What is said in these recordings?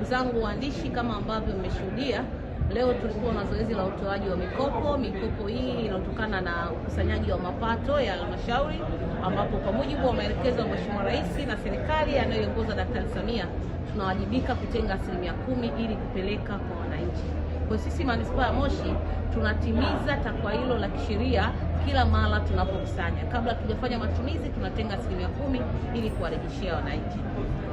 ndugu zangu waandishi, kama ambavyo mmeshuhudia leo tulikuwa na zoezi la utoaji wa mikopo. Mikopo hii inatokana na ukusanyaji wa mapato ya halmashauri, ambapo kwa mujibu wa maelekezo ya Mheshimiwa Rais na serikali anayoongoza Daktari Samia tunawajibika kutenga asilimia kumi ili kupeleka kwa wananchi. Kwa sisi manispaa ya Moshi tunatimiza takwa hilo la kisheria kila mara tunapokusanya, kabla tujafanya matumizi, tunatenga asilimia kumi ili kuwarejeshea wananchi.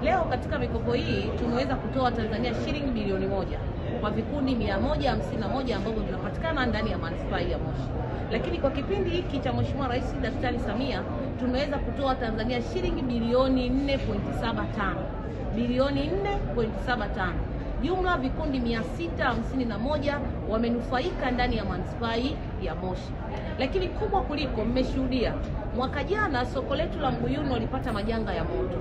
Leo katika mikopo hii tumeweza kutoa Tanzania shilingi bilioni moja kwa vikundi 151 ambavyo vinapatikana ndani ya manispaa ya Moshi. Lakini kwa kipindi hiki cha Mheshimiwa Rais Daktari Samia tumeweza kutoa Tanzania shilingi bilioni 4.75 bilioni 4.75 Jumla vikundi 651 wamenufaika ndani ya manispaa ya Moshi. Lakini kubwa kuliko, mmeshuhudia mwaka jana soko letu la Mbuyuni walipata majanga ya moto.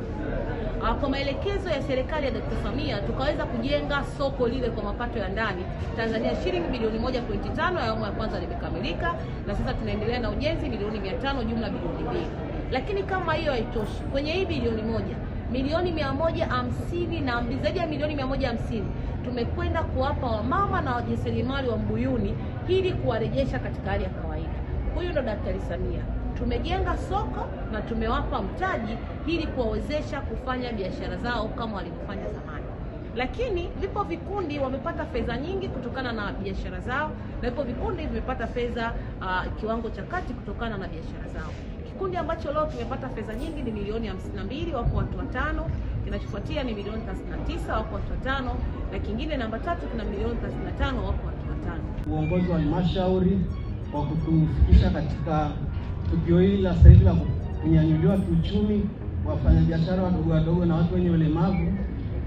Ah, kwa maelekezo ya serikali ya Dkt. Samia tukaweza kujenga soko lile kwa mapato ya ndani Tanzania shilingi bilioni 1.5, awamu ya kwanza limekamilika na sasa tunaendelea na ujenzi bilioni 500, jumla bilioni mbili. Lakini kama hiyo haitoshi, kwenye hii bilioni moja milioni mia moja hamsini na zaidi ya milioni mia moja hamsini tumekwenda kuwapa wamama na wajasiriamali wa Mbuyuni ili kuwarejesha katika hali ya kawaida. Huyu ndo Daktari Samia. Tumejenga soko na tumewapa mtaji ili kuwawezesha kufanya biashara zao kama walivyofanya zamani, lakini vipo vikundi wamepata fedha nyingi kutokana na biashara zao, na vipo vikundi vimepata fedha uh, kiwango cha kati kutokana na biashara zao. Kikundi ambacho leo tumepata fedha nyingi ni milioni 52 wako watu watano. Kinachofuatia ni milioni 39, wako watu watano, na kingine namba tatu kuna milioni 35, wako watu watano. Uongozi wa halmashauri kwa kutufikisha katika tukio hili la sasa hivi la kunyanyuliwa kiuchumi wafanyabiashara wadogo wadogo na watu wenye ulemavu.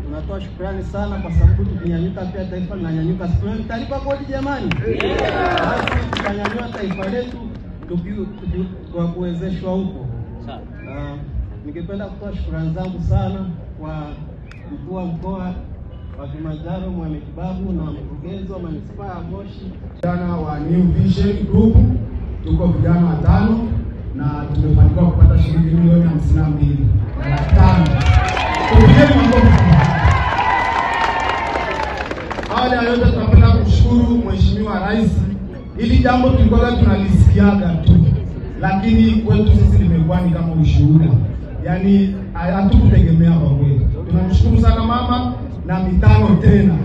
Tunatoa shukrani sana kwa sababu tukinyanyuka pia taifa linanyanyuka. Sikuni mtalipa kodi jamani, basi tukanyanyua taifa letu kwa kuwezeshwa huko. Uh, ningependa kutoa shukrani zangu sana kwa mkuu wa mkoa wa Kilimanjaro Mwanetibabu na mkurugenzi wa manispaa ya Moshi. Vijana wa New Vision Group tuko vijana watano na tumefanikiwa kupata shilingi milioni hamsini na mbili na tano Hili jambo tulikuwa tunalisikiaga tu, lakini kwetu sisi limekuwa ni kama ushuhuda, yaani hatukutegemea kwa kweli. Tunamshukuru sana mama na mitano tena